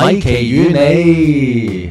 米奇與你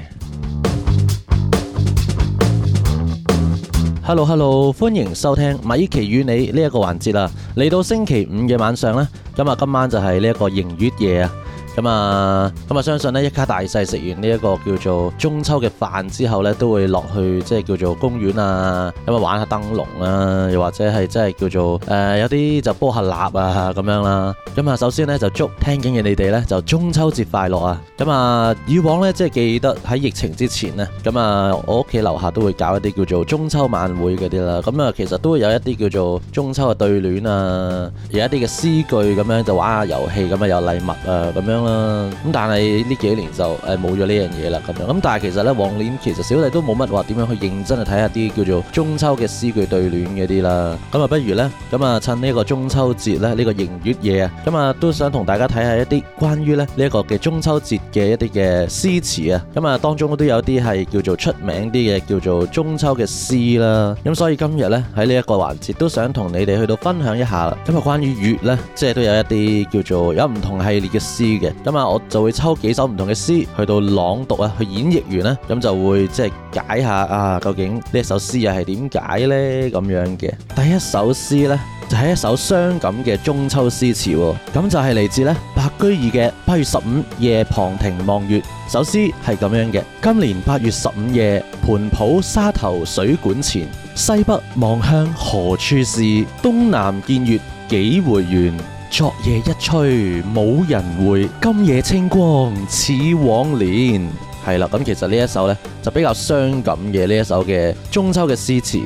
，Hello Hello，歡迎收聽米奇與你呢一個環節啦。嚟到星期五嘅晚上咧，今日今晚就係呢一個迎月夜啊！咁啊，咁啊、嗯嗯，相信咧一家大細食完呢一個叫做中秋嘅飯之後咧，都會落去即係叫做公園啊，咁啊玩下燈籠啊，又或者係即係叫做誒、呃、有啲就煲下蠟啊咁樣啦。咁啊，首先咧就祝聽緊嘅你哋咧就中秋節快樂啊！咁、嗯、啊，以往咧即係記得喺疫情之前咧，咁、嗯、啊我屋企樓下都會搞一啲叫做中秋晚會嗰啲啦。咁、嗯、啊，其實都會有一啲叫做中秋嘅對聯啊，有一啲嘅詩句咁樣就玩下遊戲咁啊，有禮物啊咁樣。誒，咁但係呢幾年就誒冇咗呢樣嘢啦，咁樣，咁但係其實咧往年其實小弟都冇乜話點樣去認真去睇下啲叫做中秋嘅詩句對聯嗰啲啦，咁啊不如咧，咁啊趁呢個中秋節咧呢個迎月夜啊，咁啊都想同大家睇下一啲關於咧呢一個嘅中秋節嘅一啲嘅詩詞啊，咁啊當中都有啲係叫做出名啲嘅叫做中秋嘅詩啦，咁所以今日咧喺呢一個環節都想同你哋去到分享一下啦，咁啊關於月咧，即係都有一啲叫做有唔同系列嘅詩嘅。咁啊，我就會抽幾首唔同嘅詩去到朗讀啊，去演繹完啦，咁就會即係解下啊，究竟呢首詩又係點解呢？咁樣嘅？第一首詩呢，就係、是、一首傷感嘅中秋詩詞，咁、啊、就係嚟自呢白居易嘅《八月十五夜湓亭望月》。首詩係咁樣嘅：今年八月十五夜，湓浦沙頭水館前，西北望鄉何處是？東南見月幾回圓。昨夜一吹，冇人會。今夜清光似往年。係、嗯、啦，咁其實呢一首呢，就比較傷感嘅呢一首嘅中秋嘅詩詞。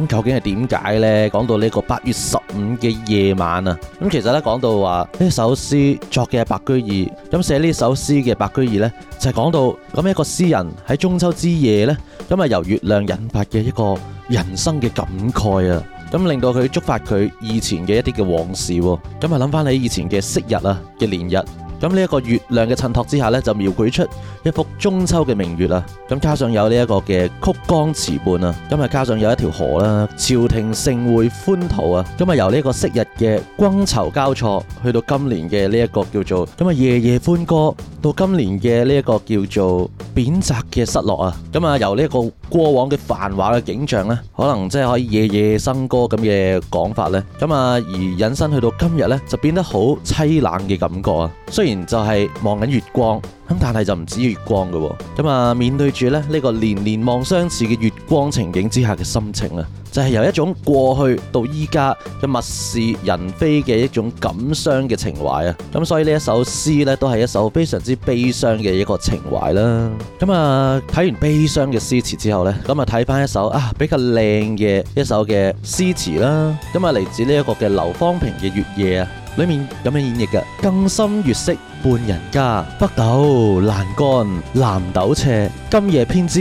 咁究竟係點解呢？講到呢個八月十五嘅夜晚啊，咁其實呢，講到話呢首詩作嘅係白居易，咁寫呢首詩嘅白居易呢，就係、是、講到咁一個詩人喺中秋之夜呢，咁啊由月亮引發嘅一個人生嘅感慨啊。咁令到佢觸發佢以前嘅一啲嘅往事，咁啊諗返起以前嘅昔日啊嘅連日。咁呢一個月亮嘅襯托之下呢，就描繪出一幅中秋嘅明月啦。咁加上有呢一個嘅曲江池畔啊，咁啊加上有一條河啦。朝廷盛會歡陶啊，咁啊由呢一個昔日嘅觥籌交錯去到今年嘅呢一個叫做咁啊夜夜歡歌，到今年嘅呢一個叫做貶謫嘅失落啊。咁啊由呢一個過往嘅繁華嘅景象呢，可能即係可以夜夜笙歌咁嘅講法呢。咁啊而引申去到今日呢，就變得好凄冷嘅感覺啊。雖然就係望緊月光，咁但係就唔止月光嘅，咁啊面對住咧呢個年年望相似嘅月光情景之下嘅心情啊，就係、是、由一種過去到依家嘅物是人非嘅一種感傷嘅情懷啊，咁所以呢一首詩呢，都係一首非常之悲傷嘅一個情懷啦。咁啊睇完悲傷嘅詩詞之後呢，咁啊睇翻一首啊比較靚嘅一首嘅詩詞啦，咁啊嚟自呢一個嘅劉方平嘅月夜啊。裏面有咩演繹嘅？更深月色半人家，北斗闌干南斗斜。今夜偏知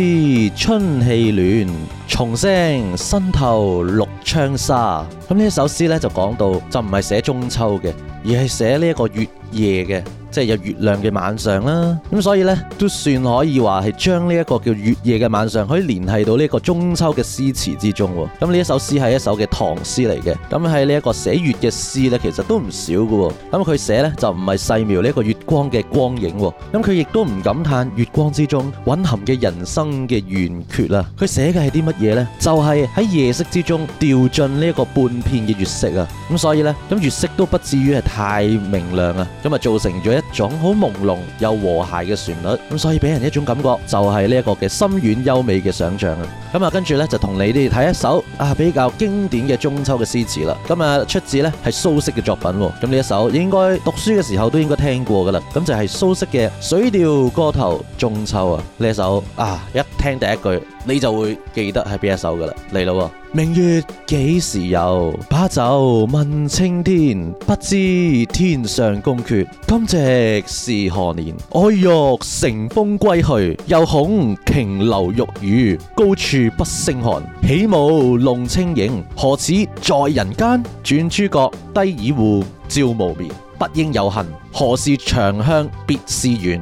春氣暖，蟲聲新透綠窗紗。咁呢首詩咧就講到，就唔係寫中秋嘅，而係寫呢一個月夜嘅。即係有月亮嘅晚上啦，咁所以呢，都算可以話係將呢一個叫月夜嘅晚上，可以聯繫到呢一個中秋嘅詩詞之中喎。咁呢一首詩係一首嘅唐詩嚟嘅，咁喺呢一個寫月嘅詩呢，其實都唔少㗎喎。咁佢寫呢，就唔係細描呢一個月光嘅光影喎，咁佢亦都唔感嘆月光之中蘊含嘅人生嘅圓缺啦。佢寫嘅係啲乜嘢呢？就係喺夜色之中掉進呢一個半片嘅月色啊。咁所以呢，咁月色都不至於係太明亮啊，咁啊造成咗一種好朦朧又和諧嘅旋律，咁所以俾人一種感覺就係呢一個嘅深遠優美嘅想象啊！咁啊，跟住咧就同你哋睇一首啊比較經典嘅中秋嘅詩詞啦。咁啊，出自咧係蘇軾嘅作品，咁呢一首應該讀書嘅時候都應該聽過噶啦。咁就係蘇軾嘅《水調歌頭·中秋》啊，呢一首啊一聽第一句你就會記得係邊一首噶啦，嚟啦！明月幾時有？把酒問青天，不知天上宮闕，今夕是何年？我欲乘風歸去，又恐瓊樓玉宇，高處不勝寒。起舞弄清影，何似在人間？轉朱閣，低綺戶，照無眠。不應有恨，何事長向別時圓？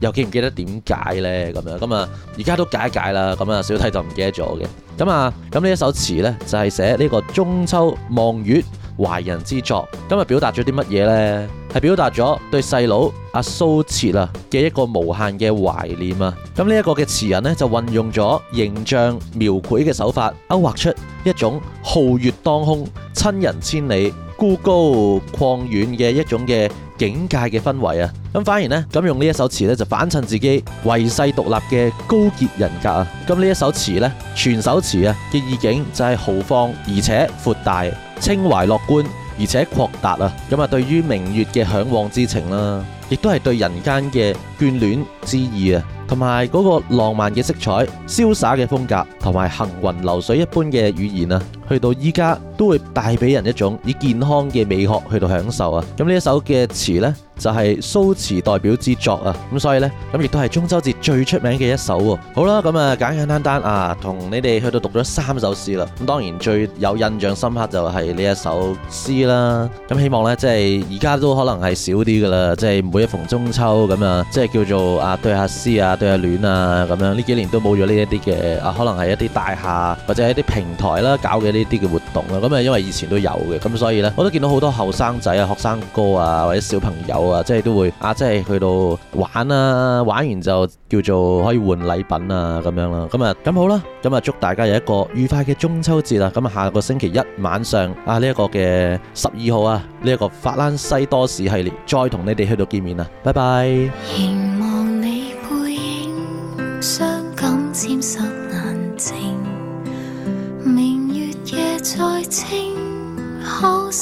又記唔記得點解咧？咁樣咁啊，而家都解一解啦。咁啊，小弟就唔記得咗嘅。咁啊，咁呢一首詞咧，就係寫呢個中秋望月懷人之作。咁啊，表達咗啲乜嘢咧？係表達咗對細佬阿蘇轍啊嘅一個無限嘅懷念啊。咁呢一個嘅詞人咧，就運用咗形象描繪嘅手法，勾畫出一種皓月當空、親人千里、孤高曠遠嘅一種嘅。境界嘅氛圍啊，咁反而呢，咁用呢一首詞呢，就反襯自己遺世獨立嘅高潔人格啊。咁呢一首詞呢，全首詞啊嘅意境就係豪放而且闊大、情懷樂觀而且曠達啊。咁啊，對於明月嘅嚮往之情啦，亦都係對人間嘅眷戀之意啊，同埋嗰個浪漫嘅色彩、瀟灑嘅風格同埋行雲流水一般嘅語言啊。去到依家都會帶俾人一種以健康嘅美學去到享受啊！咁呢一首嘅詞呢，就係蘇詞代表之作啊！咁所以呢，咁亦都係中秋節最出名嘅一首喎。好啦，咁啊簡簡單單單啊，同你哋去到讀咗三首詩啦。咁當然最有印象深刻就係呢一首詩啦。咁希望呢，即係而家都可能係少啲噶啦，即係每一逢中秋咁啊，即係叫做啊對下詩啊對下戀啊咁樣。呢幾年都冇咗呢一啲嘅啊，可能係一啲大廈或者係一啲平台啦搞嘅。呢啲嘅活動啦，咁啊因為以前都有嘅，咁所以呢，我都見到好多後生仔啊、學生哥啊或者小朋友啊，即係都會啊，即係去到玩啊，玩完就叫做可以換禮品啊咁樣啦。咁啊，咁好啦，咁啊祝大家有一個愉快嘅中秋節啦。咁啊，下個星期一晚上啊，呢一個嘅十二號啊，呢一個法蘭西多士系列再同你哋去到見面啦，拜拜。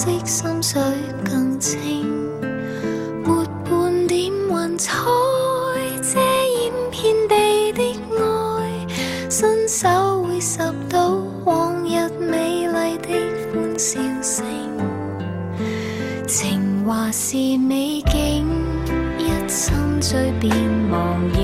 的心水更清，沒半點雲彩遮掩遍地的愛，伸手會拾到往日美麗的歡笑聲，情話是美景，一心醉便忘形。